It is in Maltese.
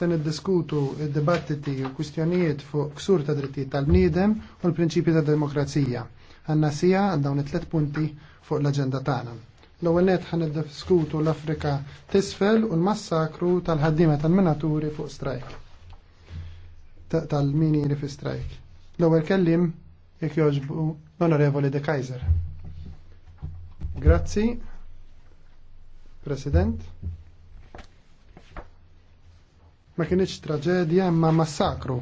se niddiskutu id-dibattiti u kwistjonijiet fuq ksur ta' drittijiet tal-bniedem u l-prinċipji ta' demokrazija. Għanna sija dawn it-tlet punti fuq l-aġenda tagħna. L-ewwel net ħan niddiskutu l-Afrika t'isfel u l-massakru tal-ħaddiema tal-minaturi fuq strajk. Tal-miniri fi strajk. L-ewwel kellim jekk joġbu l-Onorevoli De Kaiser. Grazzi, President ma kienx traġedja imma massakru